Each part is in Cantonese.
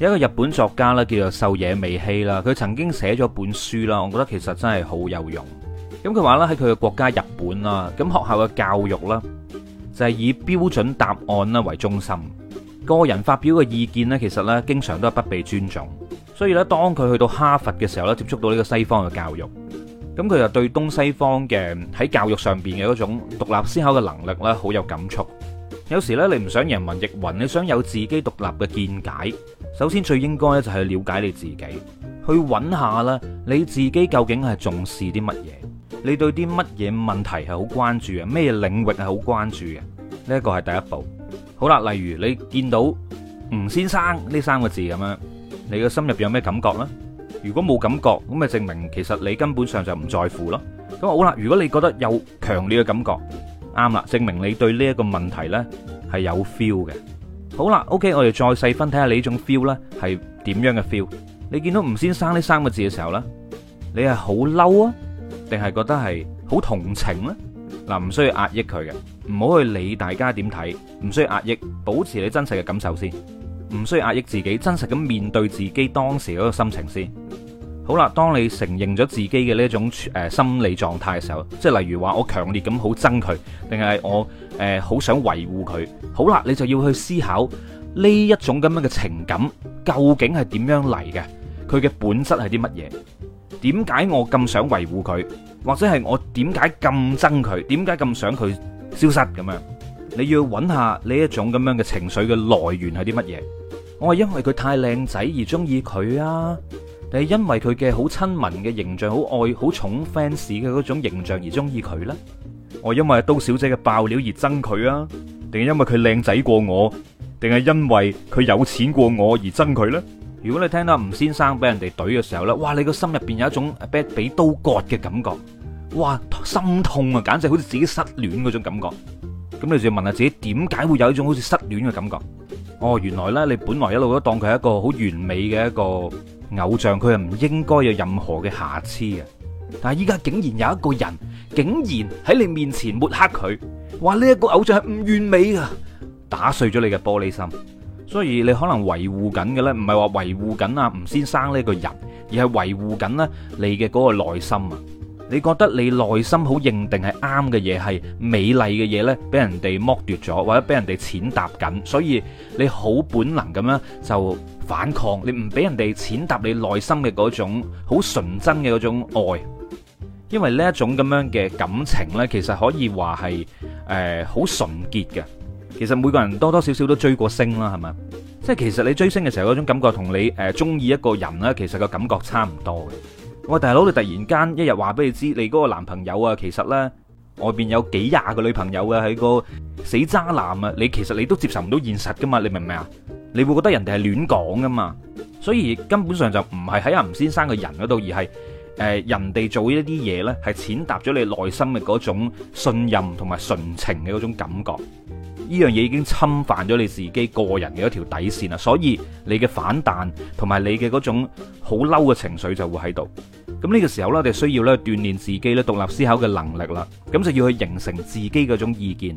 有一個日本作家啦，叫做秀野美希啦，佢曾經寫咗本書啦，我覺得其實真係好有用。咁佢話咧喺佢嘅國家日本啦，咁學校嘅教育啦，就係以標準答案啦為中心，個人發表嘅意見咧，其實咧經常都係不被尊重。所以咧，當佢去到哈佛嘅時候咧，接觸到呢個西方嘅教育，咁佢就對東西方嘅喺教育上邊嘅嗰種獨立思考嘅能力咧，好有感觸。有時咧，你唔想人云亦云，你想有自己獨立嘅見解。首先最應該咧就係了解你自己，去揾下啦，你自己究竟係重視啲乜嘢？你對啲乜嘢問題係好關注啊？咩領域係好關注嘅？呢一個係第一步。好啦，例如你見到吳先生呢三個字咁樣，你嘅心入邊有咩感覺呢？如果冇感覺，咁咪證明其實你根本上就唔在乎咯。咁好啦，如果你覺得有強烈嘅感覺。啱啦，證明你對呢一個問題咧係有 feel 嘅。好啦，OK，我哋再細分睇下你呢種 feel 咧係點樣嘅 feel。你見到吳先生呢三個字嘅時候咧，你係好嬲啊，定係覺得係好同情咧？嗱，唔需要壓抑佢嘅，唔好去理大家點睇，唔需要壓抑，保持你真實嘅感受先，唔需要壓抑自己，真實咁面對自己當時嗰個心情先。好啦，當你承認咗自己嘅呢一種、呃、心理狀態嘅時候，即係例如話我強烈咁好憎佢，定係我誒好想維護佢？好啦，你就要去思考呢一種咁樣嘅情感究竟係點樣嚟嘅？佢嘅本質係啲乜嘢？點解我咁想維護佢？或者係我點解咁憎佢？點解咁想佢消失咁樣？你要揾下呢一種咁樣嘅情緒嘅來源係啲乜嘢？我係因為佢太靚仔而中意佢啊！你係因為佢嘅好親民嘅形象，好愛好寵 fans 嘅嗰種形象而中意佢咧。我因為刀小姐嘅爆料而憎佢啊，定係因為佢靚仔過我，定係因為佢有錢過我而憎佢咧？如果你聽到吳先生俾人哋懟嘅時候咧，哇！你個心入邊有一種俾刀割嘅感覺，哇！心痛啊，簡直好似自己失戀嗰種感覺。咁你就要問下自己，點解會有一種好似失戀嘅感覺？哦，原來咧，你本來一路都當佢係一個好完美嘅一個。偶像，佢係唔應該有任何嘅瑕疵嘅。但係依家竟然有一個人，竟然喺你面前抹黑佢，話呢一個偶像係唔完美嘅，打碎咗你嘅玻璃心，所以你可能維護緊嘅咧，唔係話維護緊阿吳先生呢個人，而係維護緊呢你嘅嗰個內心啊！你覺得你內心好認定係啱嘅嘢，係美麗嘅嘢呢，俾人哋剝奪咗，或者俾人哋踐踏緊，所以你好本能咁樣就反抗，你唔俾人哋踐踏你內心嘅嗰種好純真嘅嗰種愛，因為呢一種咁樣嘅感情呢，其實可以話係誒好純潔嘅。其實每個人多多少少都追過星啦，係嘛？即係其實你追星嘅時候嗰種感覺，同你誒中意一個人呢，其實個感覺差唔多嘅。喂，大佬，你突然間一日話俾你知，你嗰個男朋友啊，其實呢，外邊有幾廿個女朋友啊喺個死渣男啊！你其實你都接受唔到現實噶嘛？你明唔明啊？你會覺得人哋係亂講噶嘛？所以根本上就唔係喺阿吳先生嘅人嗰度，而係誒、呃、人哋做一啲嘢呢，係踐踏咗你內心嘅嗰種信任同埋純情嘅嗰種感覺。呢樣嘢已經侵犯咗你自己個人嘅一條底線啦，所以你嘅反彈同埋你嘅嗰種好嬲嘅情緒就會喺度。咁、這、呢個時候呢，你需要咧鍛煉自己咧獨立思考嘅能力啦。咁就要去形成自己嗰種意見。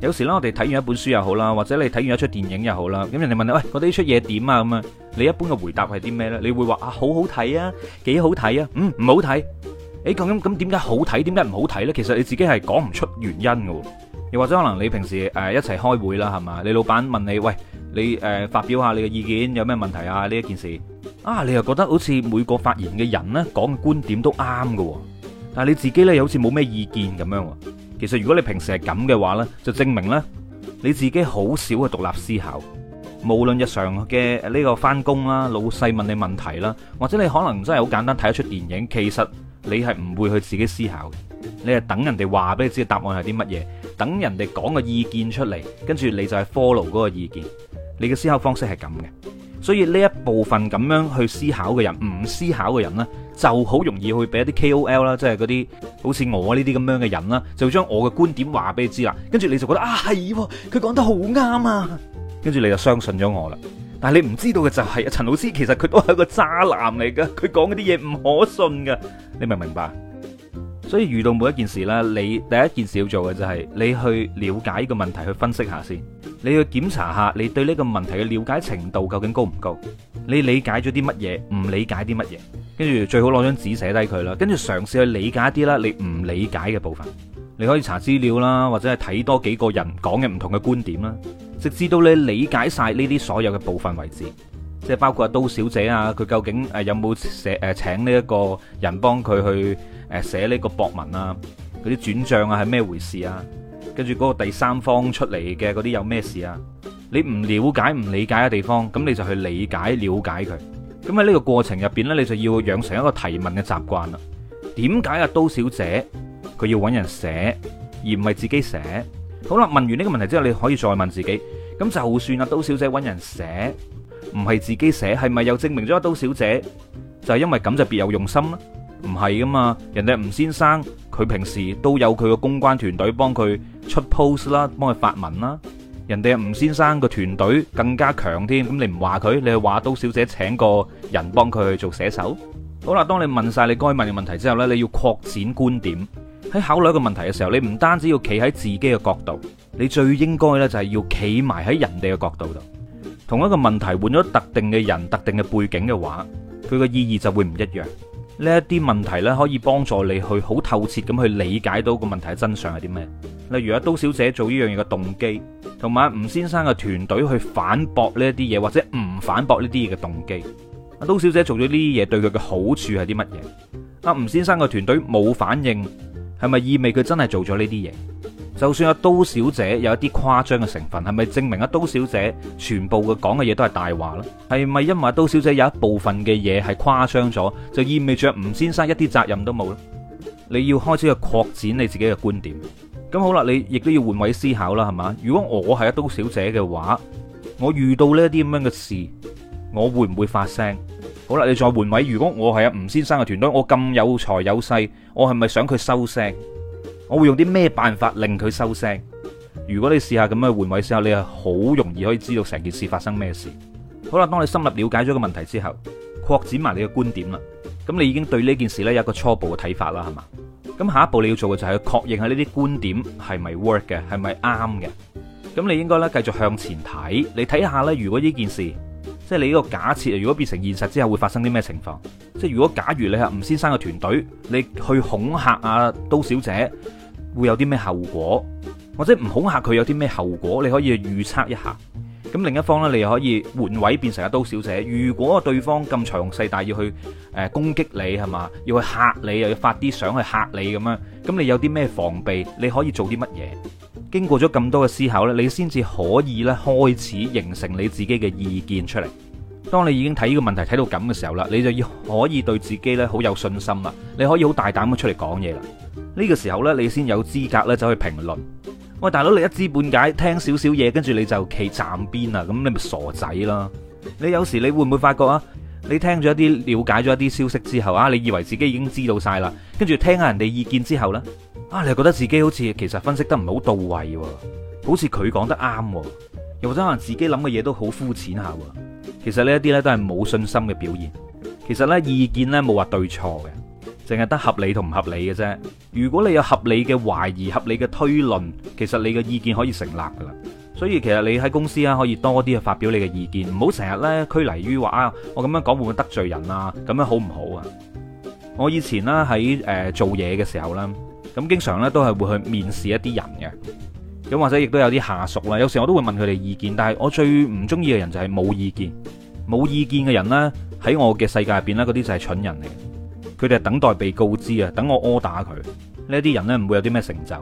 有時咧，我哋睇完一本書又好啦，或者你睇完一出電影又好啦，咁人哋問你喂，我哋呢出嘢點啊咁啊？你一般嘅回答係啲咩呢？你會話啊好好睇啊，幾好睇啊，嗯唔好睇。誒咁咁咁點解好睇？點解唔好睇呢？其實你自己係講唔出原因嘅。又或者可能你平時誒一齊開會啦，係嘛？你老闆問你喂，你誒發表下你嘅意見，有咩問題啊？呢一件事啊，你又覺得好似每個發言嘅人咧講嘅觀點都啱㗎，但係你自己咧又好似冇咩意見咁樣。其實如果你平時係咁嘅話咧，就證明咧你自己好少去獨立思考。無論日常嘅呢個翻工啦，老細問你問題啦，或者你可能真係好簡單睇一出電影，其實你係唔會去自己思考，你係等人哋話俾你知答案係啲乜嘢。等人哋講個意見出嚟，跟住你就係 follow 嗰個意見，你嘅思考方式係咁嘅。所以呢一部分咁樣去思考嘅人，唔思考嘅人呢，就好容易去俾一啲 KOL 啦，即係嗰啲好似我呢啲咁樣嘅人啦，就將我嘅觀點話俾你知啦。跟住你就覺得啊，係，佢講得好啱啊。跟住、啊、你就相信咗我啦。但係你唔知道嘅就係、是、啊，陳老師其實佢都係個渣男嚟噶，佢講嗰啲嘢唔可信噶。你明唔明白？所以遇到每一件事咧，你第一件事要做嘅就係你去了解呢個問題，去分析下先。你去檢查下你對呢個問題嘅了解程度究竟高唔高？你理解咗啲乜嘢？唔理解啲乜嘢？跟住最好攞張紙寫低佢啦。跟住嘗試去理解啲啦，你唔理解嘅部分，你可以查資料啦，或者係睇多幾個人講嘅唔同嘅觀點啦，直至到你理解晒呢啲所有嘅部分為止。即係包括阿刀小姐啊，佢究竟誒有冇寫誒、呃、請呢一個人幫佢去誒寫呢個博文啊？嗰啲轉賬啊係咩回事啊？跟住嗰個第三方出嚟嘅嗰啲有咩事啊？你唔了解、唔理解嘅地方，咁你就去理解、了解佢。咁喺呢個過程入邊呢，你就要養成一個提問嘅習慣啦。點解阿刀小姐佢要揾人寫，而唔係自己寫？好啦，問完呢個問題之後，你可以再問自己。咁就算阿刀小姐揾人寫，唔係自己寫，係咪又證明咗阿刀小姐就係因為咁就別有用心咧？唔係噶嘛，人哋吳先生佢平時都有佢個公關團隊幫佢出 post 啦，幫佢發文啦。人哋係吳先生個團隊更加強添，咁你唔話佢，你係話刀小姐請個人幫佢做寫手。好啦，當你問晒你該問嘅問題之後呢，你要擴展觀點。喺考慮一個問題嘅時候，你唔單止要企喺自己嘅角度，你最應該呢，就係要企埋喺人哋嘅角度度。同一個問題換咗特定嘅人、特定嘅背景嘅話，佢個意義就會唔一樣。呢一啲問題呢，可以幫助你去好透徹咁去理解到個問題真相係啲咩。例如阿刀小姐做呢樣嘢嘅動機，同埋阿吳先生嘅團隊去反駁呢一啲嘢，或者唔反駁呢啲嘢嘅動機。阿刀小姐做咗呢啲嘢對佢嘅好處係啲乜嘢？阿吳先生嘅團隊冇反應，係咪意味佢真係做咗呢啲嘢？就算阿刀小姐有一啲誇張嘅成分，係咪證明阿刀小姐全部嘅講嘅嘢都係大話咧？係咪因為阿刀小姐有一部分嘅嘢係誇張咗，就意味著吳先生一啲責任都冇咧？你要開始去擴展你自己嘅觀點。咁好啦，你亦都要換位思考啦，係嘛？如果我係阿刀小姐嘅話，我遇到呢啲咁樣嘅事，我會唔會發聲？好啦，你再換位，如果我係阿吳先生嘅團隊，我咁有財有勢，我係咪想佢收聲？我會用啲咩辦法令佢收聲？如果你試下咁樣換位思下，你係好容易可以知道成件事發生咩事。好啦，當你深入了解咗個問題之後，擴展埋你嘅觀點啦。咁你已經對呢件事呢有一個初步嘅睇法啦，係嘛？咁下一步你要做嘅就係去確認下呢啲觀點係咪 work 嘅，係咪啱嘅？咁你應該呢繼續向前睇，你睇下呢，如果呢件事即係你呢個假設，如果變成現實之後會發生啲咩情況？即係如果假如你係吳先生嘅團隊，你去恐吓阿、啊、都小姐。會有啲咩後果，或者唔恐嚇佢有啲咩後果，你可以預測一下。咁另一方咧，你又可以換位變成一刀小姐。如果個對方咁詳細，但係要去誒攻擊你係嘛，要去嚇你，你，又要發啲相去嚇你咁樣，咁你有啲咩防備？你可以做啲乜嘢？經過咗咁多嘅思考呢，你先至可以呢開始形成你自己嘅意見出嚟。當你已經睇呢個問題睇到咁嘅時候啦，你就要可以對自己咧好有信心啦，你可以好大膽咁出嚟講嘢啦。呢個時候呢，你先有資格呢走去評論。喂，大佬，你一知半解，聽少少嘢，跟住你就企站邊啦。咁你咪傻仔啦！你有時你會唔會發覺啊？你聽咗一啲了解咗一啲消息之後啊，你以為自己已經知道晒啦，跟住聽下人哋意見之後呢，啊，你覺得自己好似其實分析得唔係好到位，好似佢講得啱，又或者可能自己諗嘅嘢都好膚淺下。其實呢一啲呢都係冇信心嘅表現。其實呢意見呢冇話對錯嘅，淨係得合理同唔合理嘅啫。如果你有合理嘅懷疑、合理嘅推論，其實你嘅意見可以成立噶啦。所以其實你喺公司啊可以多啲去發表你嘅意見，唔好成日呢拘泥於話啊我咁樣講會唔會得罪人啊？咁樣好唔好啊？我以前呢喺誒做嘢嘅時候呢，咁經常呢都係會去面試一啲人嘅。咁或者亦都有啲下屬啦，有時我都會問佢哋意見，但係我最唔中意嘅人就係冇意見，冇意見嘅人呢，喺我嘅世界入邊呢，嗰啲就係蠢人嚟，佢哋係等待被告知啊，等我毆打佢，呢啲人呢，唔會有啲咩成就。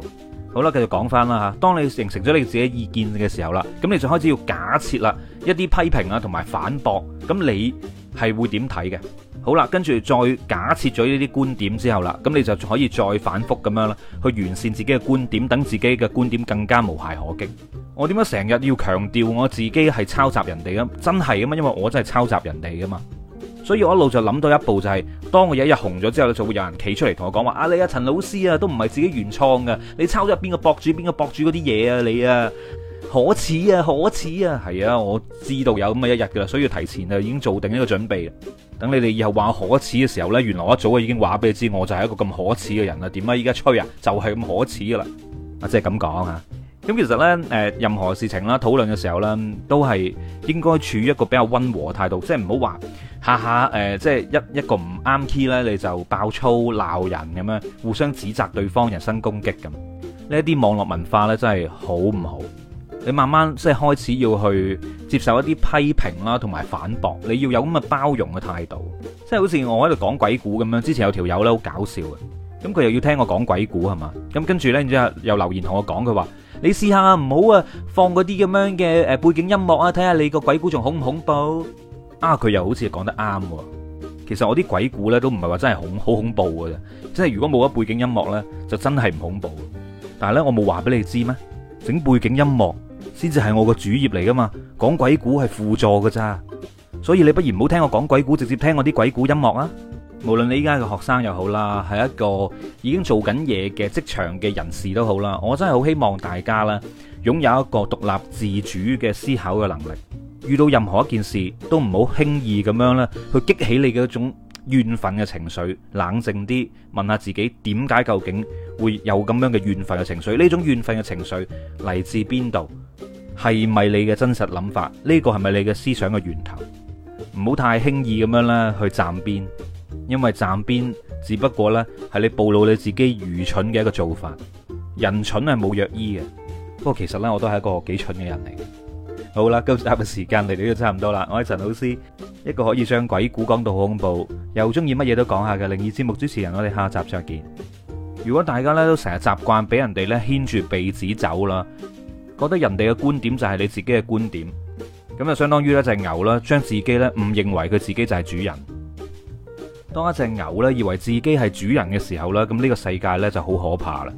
好啦，繼續講返啦吓，當你形成咗你自己意見嘅時候啦，咁你就開始要假設啦，一啲批評啊同埋反駁，咁你係會點睇嘅？好啦，跟住再假設咗呢啲觀點之後啦，咁你就可以再反覆咁樣啦，去完善自己嘅觀點，等自己嘅觀點更加無懈可擊。我點解成日要強調我自己係抄襲人哋嘅？真係啊嘛，因為我真係抄襲人哋噶嘛，所以我一路就諗到一步就係、是、當我有一日紅咗之後就會有人企出嚟同我講話啊，你啊，陳老師啊，都唔係自己原創噶，你抄咗入邊個博主、邊個博主嗰啲嘢啊，你啊，可恥啊，可恥啊，係啊，我知道有咁嘅一日噶啦，所以提前啊，已經做定呢個準備。等你哋以後話我可恥嘅時候呢，原來我一早已經話俾你知，我就係一個咁可恥嘅人啦。點解依家吹啊？就係咁可恥噶啦。啊，即係咁講啊。咁其實呢，誒任何事情啦，討論嘅時候呢，都係應該處於一個比較溫和嘅態度，即係唔好話下下誒，即係一一個唔啱 key 呢，你就爆粗鬧人咁樣，互相指責對方、人身攻擊咁。呢啲網絡文化呢，真係好唔好？你慢慢即係開始要去。接受一啲批評啦，同埋反駁，你要有咁嘅包容嘅態度，即係好似我喺度講鬼故咁樣。之前有條友咧好搞笑啊，咁佢又要聽我講鬼故係嘛？咁跟住呢，然之後又留言同我講，佢話：你試下唔好啊，放嗰啲咁樣嘅誒背景音樂啊，睇下你個鬼故仲恐唔恐怖？啊，佢又好似講得啱喎。其實我啲鬼故呢，都唔係話真係恐好恐怖嘅，即係如果冇咗背景音樂呢，就真係唔恐怖。但係呢，我冇話俾你知咩？整背景音樂。先至係我個主業嚟噶嘛，講鬼故係輔助噶咋，所以你不如唔好聽我講鬼故，直接聽我啲鬼故音樂啊。無論你依家個學生又好啦，係一個已經做緊嘢嘅職場嘅人士都好啦，我真係好希望大家啦，擁有一個獨立自主嘅思考嘅能力，遇到任何一件事都唔好輕易咁樣啦去激起你嘅一種怨憤嘅情緒，冷靜啲，問下自己點解究竟會有咁樣嘅怨憤嘅情緒？呢種怨憤嘅情緒嚟自邊度？係咪你嘅真實諗法？呢個係咪你嘅思想嘅源頭？唔好太輕易咁樣呢去站邊，因為站邊只不過呢係你暴露你自己愚蠢嘅一個做法。人蠢係冇藥醫嘅，不過其實呢，我都係一個幾蠢嘅人嚟。好啦，今集嘅時間嚟到，都差唔多啦。我係陳老師，一個可以將鬼故講到恐怖，又中意乜嘢都講下嘅靈異節目主持人。我哋下集再見。如果大家呢都成日習慣俾人哋咧牽住鼻子走啦，覺得人哋嘅觀點就係你自己嘅觀點，咁就相當於咧隻牛啦，將自己呢誤認為佢自己就係主人。當一隻牛呢以為自己係主人嘅時候咧，咁呢個世界呢就好可怕啦。